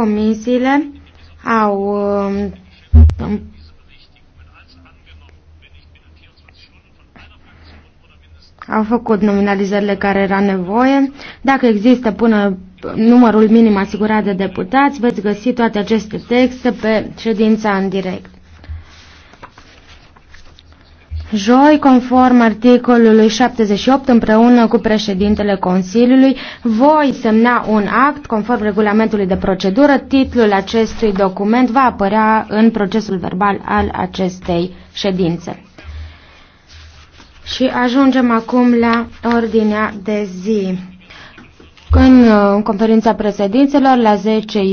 Comisiile au um, um, au făcut nominalizările care era nevoie. Dacă există până numărul minim asigurat de deputați, veți găsi toate aceste texte pe ședința în direct. Joi, conform articolului 78, împreună cu președintele Consiliului, voi semna un act conform regulamentului de procedură. Titlul acestui document va apărea în procesul verbal al acestei ședințe. Și ajungem acum la ordinea de zi. În uh, conferința președinților, la 10